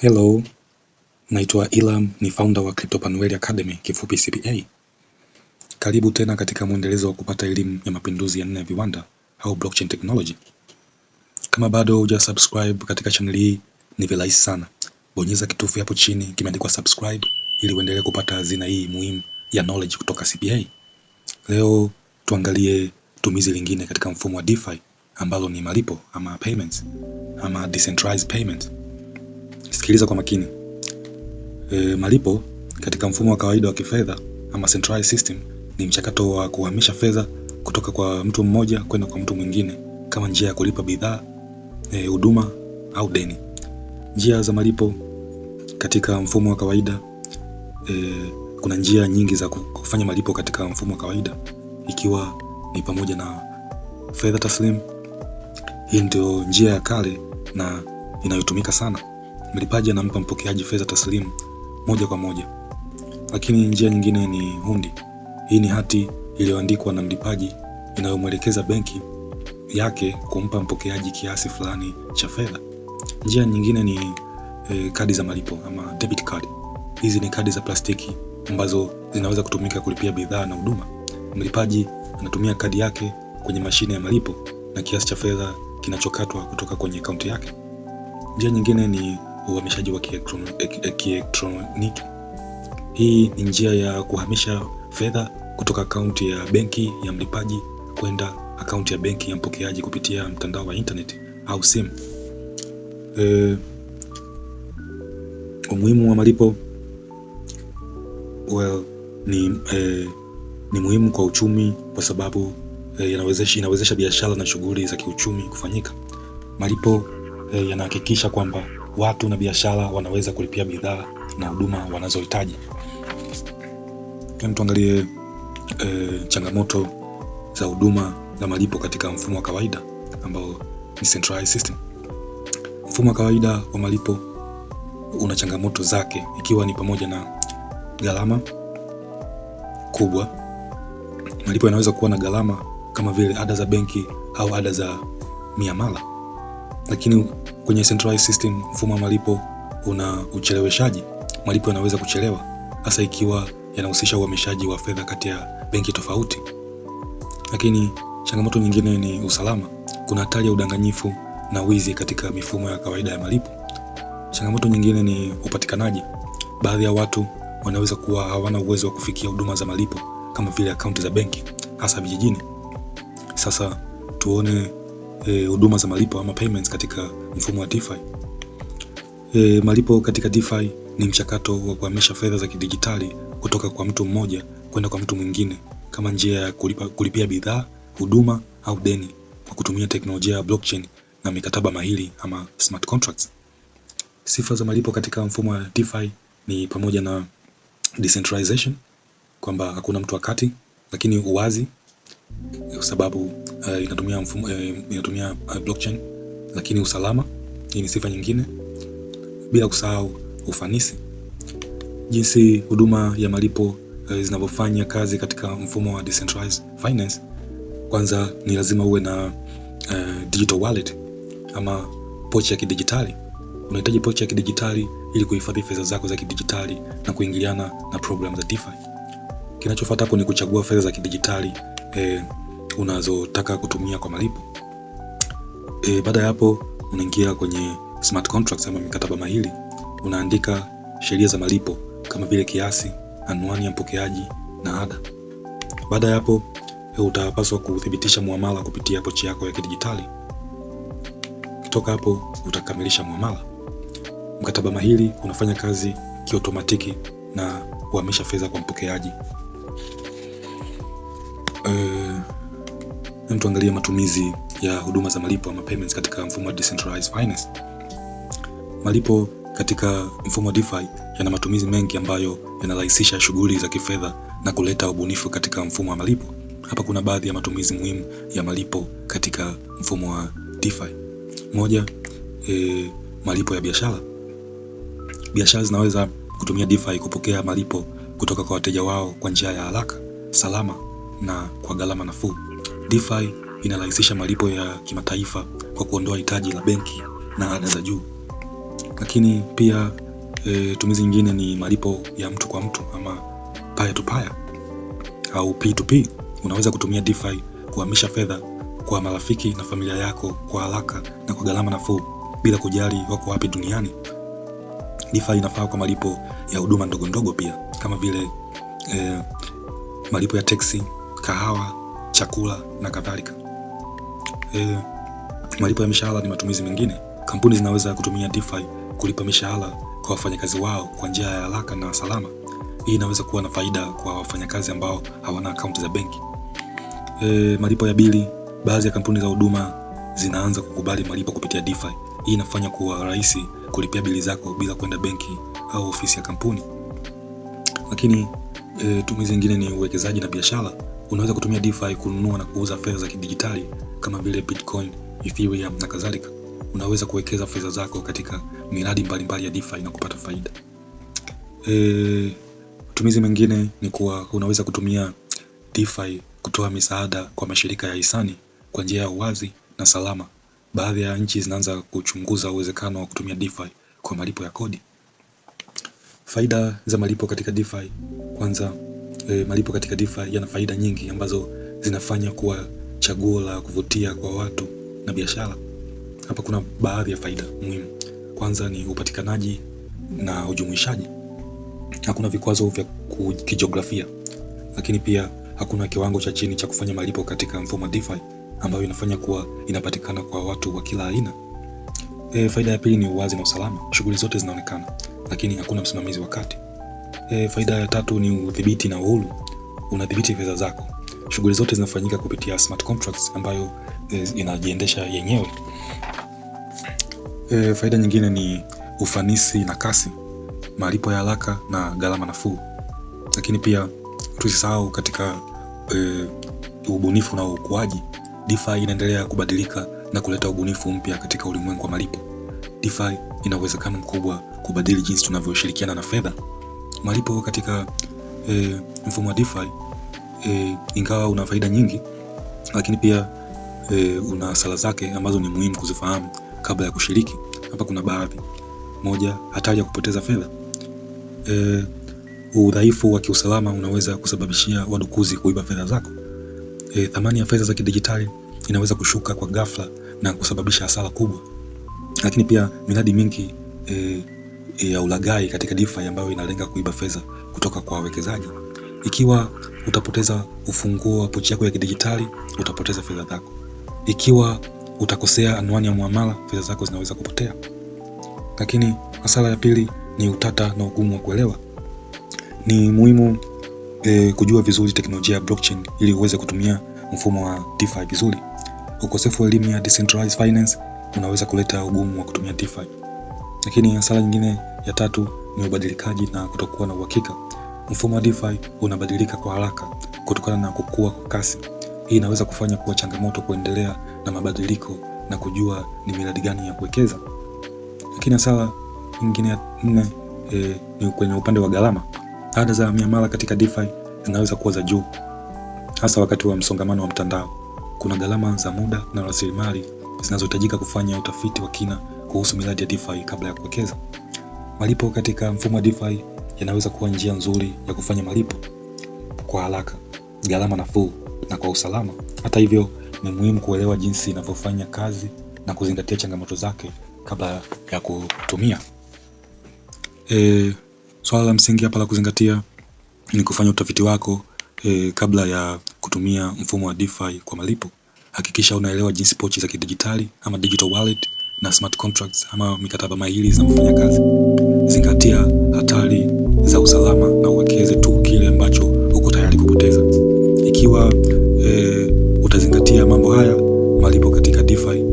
Hello, naitwa Ilam, ni founder wa CryptoPanueli Academy, kifupi CPA. Karibu tena katika mwendelezo wa kupata elimu ya mapinduzi ya nne ya viwanda au blockchain technology. Kama bado huja subscribe katika channel hii, ni virahisi sana, bonyeza kitufe hapo chini kimeandikwa subscribe ili uendelee kupata hazina hii muhimu ya knowledge kutoka CPA. Leo tuangalie tumizi lingine katika mfumo wa DeFi ambalo ni malipo ama payments ama decentralized payments. Sikiliza kwa makini. E, malipo katika mfumo wa kawaida wa kifedha ama centralized system ni mchakato wa kuhamisha fedha kutoka kwa mtu mmoja kwenda kwa mtu mwingine kama njia ya kulipa bidhaa, e, huduma e, au deni. Njia za malipo katika mfumo wa kawaida e, kuna njia nyingi za kufanya malipo katika mfumo wa kawaida ikiwa ni pamoja na fedha taslim Hii ndio njia ya kale na inayotumika sana mlipaji anampa mpokeaji fedha taslimu moja kwa moja. Lakini njia nyingine ni hundi. Hii ni hati iliyoandikwa na mlipaji inayomwelekeza benki yake kumpa mpokeaji kiasi fulani cha fedha. Njia nyingine ni e, kadi za malipo ama debit card. Hizi ni kadi za plastiki ambazo zinaweza kutumika kulipia bidhaa na huduma. Mlipaji anatumia kadi yake kwenye mashine ya malipo na kiasi cha fedha kinachokatwa kutoka kwenye akaunti yake. Njia nyingine ni uhamishaji wa e-, e-, kielektroniki. Hii ni njia ya kuhamisha fedha kutoka akaunti ya benki ya mlipaji kwenda akaunti ya benki ya mpokeaji kupitia mtandao wa intnet au sim E, umuhimu wa malipo well, ni, e, ni muhimu kwa uchumi kwa sababu e, inawezesha, inawezesha biashara na shughuli za kiuchumi kufanyika. Malipo e, yanahakikisha kwamba watu na biashara wanaweza kulipia bidhaa na huduma wanazohitaji. Tuangalie e, changamoto za huduma za malipo katika mfumo wa kawaida ambao ni centralized system. Mfumo wa kawaida wa malipo una changamoto zake, ikiwa ni pamoja na gharama kubwa. Malipo yanaweza kuwa na gharama kama vile ada za benki au ada za miamala, lakini Kwenye centralized system, mfumo wa malipo una ucheleweshaji, malipo yanaweza kuchelewa hasa ikiwa yanahusisha uhamishaji wa fedha kati ya benki tofauti. Lakini changamoto nyingine ni usalama. Kuna hatari ya udanganyifu na wizi katika mifumo ya kawaida ya malipo. Changamoto nyingine ni upatikanaji. Baadhi ya watu wanaweza kuwa hawana uwezo wa kufikia huduma za malipo kama vile akaunti za benki hasa vijijini. Sasa tuone Eh, huduma e, za malipo ama payments katika mfumo wa DeFi. E, eh, malipo katika DeFi ni mchakato wa kuhamisha fedha za kidijitali kutoka kwa mtu mmoja kwenda kwa mtu mwingine kama njia ya kulipa, kulipia bidhaa, huduma au deni kwa kutumia teknolojia ya blockchain na mikataba mahiri ama smart contracts. Sifa za malipo katika mfumo wa DeFi ni pamoja na decentralization, kwamba hakuna mtu wa kati, lakini uwazi, kwa sababu uh, inatumia mfumo uh, inatumia uh, blockchain, lakini usalama, hii ni sifa nyingine, bila kusahau ufanisi, jinsi huduma ya malipo uh, zinavyofanya kazi katika mfumo wa decentralized finance. Kwanza ni lazima uwe na uh, digital wallet ama pochi ya kidijitali. Unahitaji pochi ya kidijitali ili kuhifadhi fedha zako za kidijitali na kuingiliana na programu za DeFi. Kinachofuata hapo ni kuchagua fedha za kidijitali eh, unazotaka kutumia kwa malipo. E, baada ya hapo unaingia kwenye smart contracts ama mikataba mahili, unaandika sheria za malipo kama vile kiasi, anwani ya mpokeaji na ada. Baada ya hapo e, utapaswa kuthibitisha muamala kupitia pochi yako ya kidijitali. Kutoka hapo utakamilisha muamala. Mkataba mahili unafanya kazi kiotomatiki na kuhamisha fedha kwa mpokeaji. Hem, tuangalie matumizi ya huduma za malipo ama payments katika mfumo wa decentralized finance. Malipo katika mfumo wa DeFi yana matumizi mengi ambayo yanarahisisha shughuli za kifedha na kuleta ubunifu katika mfumo wa malipo. Hapa kuna baadhi ya matumizi muhimu ya malipo katika mfumo wa DeFi. Moja, e, malipo ya biashara. Biashara zinaweza kutumia DeFi kupokea malipo kutoka kwa wateja wao kwa njia ya haraka, salama na kwa gharama nafuu. DeFi inarahisisha malipo ya kimataifa kwa kuondoa hitaji la benki na ada za juu. Lakini pia e, tumizi nyingine ni malipo ya mtu kwa mtu ama peer to peer au P2P. Unaweza kutumia DeFi kuhamisha fedha kwa marafiki na familia yako kwa haraka na kwa gharama nafuu bila kujali wako wapi duniani. DeFi inafaa kwa malipo ya huduma ndogo ndogo pia kama vile e, malipo ya teksi, kahawa chakula na kadhalika. E, malipo ya mishahara ni matumizi mengine. Kampuni zinaweza kutumia DeFi kulipa mishahara kwa wafanyakazi wao kwa njia ya haraka na salama. Hii inaweza kuwa na faida kwa wafanyakazi ambao hawana akaunti za benki. E, malipo ya bili. Baadhi ya kampuni za huduma zinaanza kukubali malipo kupitia DeFi. Hii inafanya kuwa rahisi kulipia bili zako bila kwenda benki au ofisi ya kampuni. Lakini e, tumizi nyingine ni uwekezaji na biashara. Unaweza kutumia DeFi kununua na kuuza fedha za kidijitali kama vile Bitcoin, Ethereum na kadhalika. Unaweza kuwekeza fedha zako katika miradi mbalimbali ya DeFi na kupata faida. E, matumizi mengine ni kuwa unaweza kutumia DeFi kutoa misaada kwa mashirika ya hisani kwa njia ya uwazi na salama. Baadhi ya nchi zinaanza kuchunguza uwezekano wa kutumia DeFi kwa malipo ya kodi. Faida za malipo katika DeFi kwanza e, malipo katika DeFi yana faida nyingi ambazo zinafanya kuwa chaguo la kuvutia kwa watu na biashara. Hapa kuna baadhi ya faida muhimu. Kwanza ni upatikanaji na ujumuishaji. Hakuna vikwazo vya kijiografia, lakini pia hakuna kiwango cha chini cha kufanya malipo katika mfumo wa DeFi, ambayo inafanya kuwa inapatikana kwa watu wa kila aina. E, faida ya pili ni uwazi na usalama. Shughuli zote zinaonekana, lakini hakuna msimamizi wa kati. E, faida ya tatu ni udhibiti na uhuru. Unadhibiti fedha zako. Shughuli zote zinafanyika kupitia smart contracts ambayo e, inajiendesha yenyewe. E, faida nyingine ni ufanisi na kasi, malipo ya haraka na gharama nafuu. Lakini pia tusisahau katika e, ubunifu na ukuaji, DeFi inaendelea kubadilika na kuleta ubunifu mpya katika ulimwengu wa malipo. DeFi ina uwezekano mkubwa kubadili jinsi tunavyoshirikiana na fedha malipo katika e, mfumo wa DeFi e, ingawa una faida nyingi, lakini pia e, una sala zake ambazo ni muhimu kuzifahamu kabla ya kushiriki. Hapa kuna baadhi. Moja, hatari ya kupoteza fedha. E, udhaifu wa kiusalama unaweza kusababishia wadukuzi kuiba fedha zako. E, thamani ya fedha za kidijitali inaweza kushuka kwa ghafla na kusababisha hasara kubwa. Lakini pia miradi mingi e, ya ulagai katika DeFi ambayo inalenga kuiba fedha kutoka kwa wawekezaji. Ikiwa utapoteza ufunguo wa pochi yako ya kidijitali, utapoteza fedha zako. Ikiwa utakosea anwani ya muamala, fedha zako zinaweza kupotea. Lakini hasara ya pili ni utata na ugumu wa kuelewa. Ni muhimu e, kujua vizuri teknolojia ya blockchain ili uweze kutumia mfumo wa DeFi vizuri. Ukosefu wa elimu ya decentralized finance unaweza kuleta ugumu wa kutumia DeFi. Lakini hasara nyingine ya tatu ni ubadilikaji na kutokuwa na uhakika. Mfumo wa DeFi unabadilika kwa haraka kutokana na kukua kwa kasi. Hii inaweza kufanya kuwa changamoto kuendelea na mabadiliko na kujua ni miradi gani ya kuwekeza. Lakini hasara nyingine ya nne e, ni kwenye upande wa gharama. Ada za miamala katika DeFi zinaweza kuwa za juu, hasa wakati wa msongamano wa mtandao. Kuna gharama za muda na rasilimali zinazohitajika kufanya utafiti wa kina kuhusu miradi ya DeFi kabla ya kuwekeza. Malipo katika mfumo wa DeFi yanaweza kuwa njia nzuri ya kufanya malipo kwa haraka, gharama nafuu na kwa usalama. Hata hivyo, ni muhimu kuelewa jinsi inavyofanya kazi na kuzingatia changamoto zake kabla ya kutumia. E, swala la msingi hapa la kuzingatia ni kufanya utafiti wako e, kabla ya kutumia mfumo wa DeFi kwa malipo. Hakikisha unaelewa jinsi pochi za kidijitali ama digital wallet na smart contracts ama mikataba mahili za mfanyakazi. Zingatia hatari za usalama na uwekeze tu kile ambacho uko tayari kupoteza. Ikiwa e, utazingatia mambo haya, malipo katika DeFi